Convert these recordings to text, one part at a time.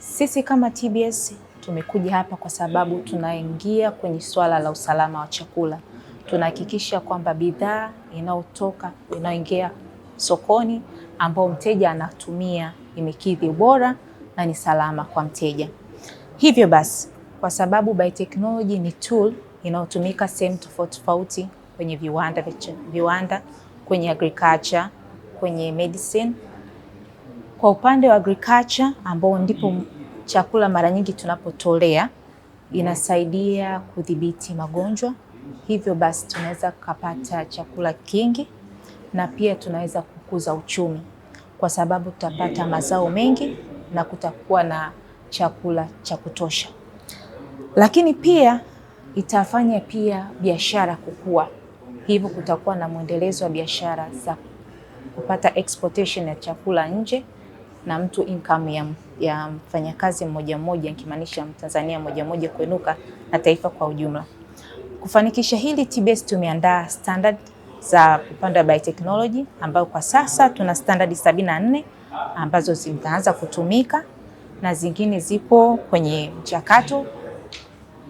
Sisi kama TBS tumekuja hapa kwa sababu tunaingia kwenye swala la usalama wa chakula. Tunahakikisha kwamba bidhaa inayotoka inayoingia sokoni ambao mteja anatumia imekidhi ubora na ni salama kwa mteja. Hivyo basi, kwa sababu biotechnology ni tool inayotumika sehemu tofauti tofauti kwenye viwanda, viwanda kwenye agriculture, kwenye medicine kwa upande wa agriculture ambao ndipo chakula mara nyingi tunapotolea, inasaidia kudhibiti magonjwa, hivyo basi tunaweza kupata chakula kingi na pia tunaweza kukuza uchumi kwa sababu tutapata mazao mengi na kutakuwa na chakula cha kutosha, lakini pia itafanya pia biashara kukua, hivyo kutakuwa na mwendelezo wa biashara za kupata exportation ya chakula nje na mtu income ya, ya mfanyakazi mmoja mmoja, nikimaanisha Mtanzania mmoja mmoja kuinuka na taifa kwa ujumla. Kufanikisha hili, TBS tumeandaa standard za upande wa biotechnology ambayo kwa sasa tuna standard sabini na nne ambazo zimeanza kutumika na zingine zipo kwenye mchakato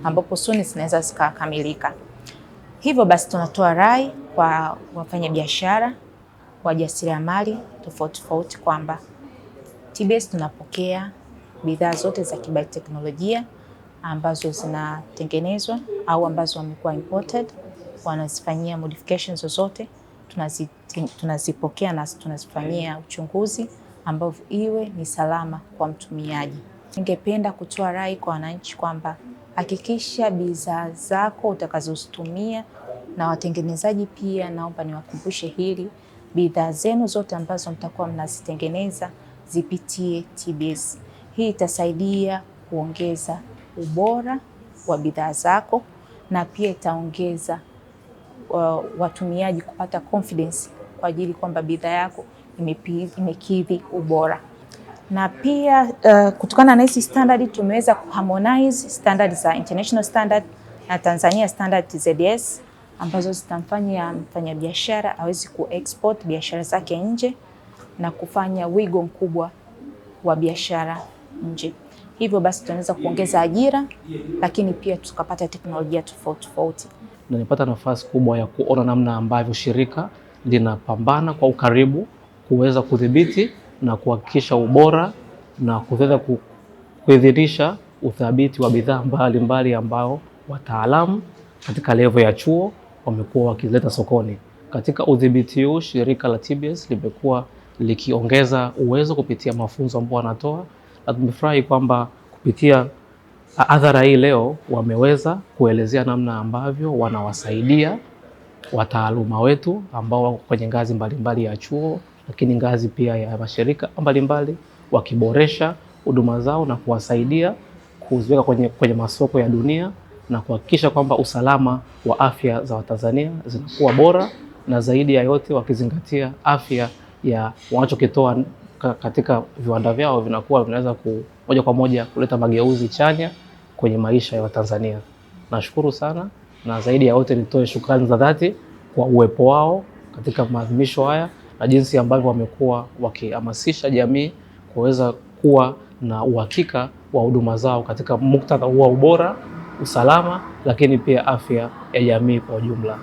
ambapo suni zinaweza zikakamilika. Hivyo basi tunatoa rai kwa wafanyabiashara, wajasiriamali tofauti tofauti kwamba TBS tunapokea bidhaa zote za kibayoteknolojia ambazo zinatengenezwa au ambazo wamekuwa imported, wanazifanyia modifications zozote tunazi, tunazipokea na tunazifanyia uchunguzi ambao iwe ni salama kwa mtumiaji. Ningependa kutoa rai kwa wananchi kwamba hakikisha bidhaa zako utakazozitumia, na watengenezaji pia naomba niwakumbushe hili, bidhaa zenu zote ambazo mtakuwa mnazitengeneza zipitie TBS. Hii itasaidia kuongeza ubora wa bidhaa zako na pia itaongeza uh, watumiaji kupata confidence kwa ajili kwamba bidhaa yako imekidhi ubora na pia uh, kutokana na hizi standard tumeweza kuharmonize standard za international standard na Tanzania standard TZS ambazo zitamfanya mfanyabiashara awezi kuexport biashara zake nje na kufanya wigo mkubwa wa biashara nje. Hivyo basi tunaweza kuongeza ajira, lakini pia tukapata teknolojia tofauti tofauti, na nipata nafasi kubwa ya kuona namna ambavyo shirika linapambana kwa ukaribu kuweza kudhibiti na kuhakikisha ubora na kuweza kuidhinisha uthabiti wa bidhaa mbalimbali ambao wataalamu katika levo ya chuo wamekuwa wakileta sokoni. Katika udhibiti huu shirika la TBS limekuwa likiongeza uwezo kupitia mafunzo ambayo wanatoa, na tumefurahi kwamba kupitia adhara hii leo wameweza kuelezea namna ambavyo wanawasaidia wataaluma wetu ambao wako kwenye ngazi mbalimbali mbali ya chuo, lakini ngazi pia ya mashirika mbalimbali, wakiboresha huduma zao na kuwasaidia kuziweka kwenye, kwenye masoko ya dunia na kuhakikisha kwamba usalama wa afya za Watanzania zinakuwa bora na zaidi ya yote wakizingatia afya ya wanachokitoa katika viwanda vyao vinakuwa vinaweza moja kwa moja kuleta mageuzi chanya kwenye maisha ya Watanzania. Nashukuru sana na zaidi ya wote nitoe shukrani za dhati kwa uwepo wao katika maadhimisho haya na jinsi ambavyo wamekuwa wakihamasisha jamii kuweza kuwa na uhakika wa huduma zao katika muktadha wa ubora, usalama, lakini pia afya ya jamii kwa ujumla.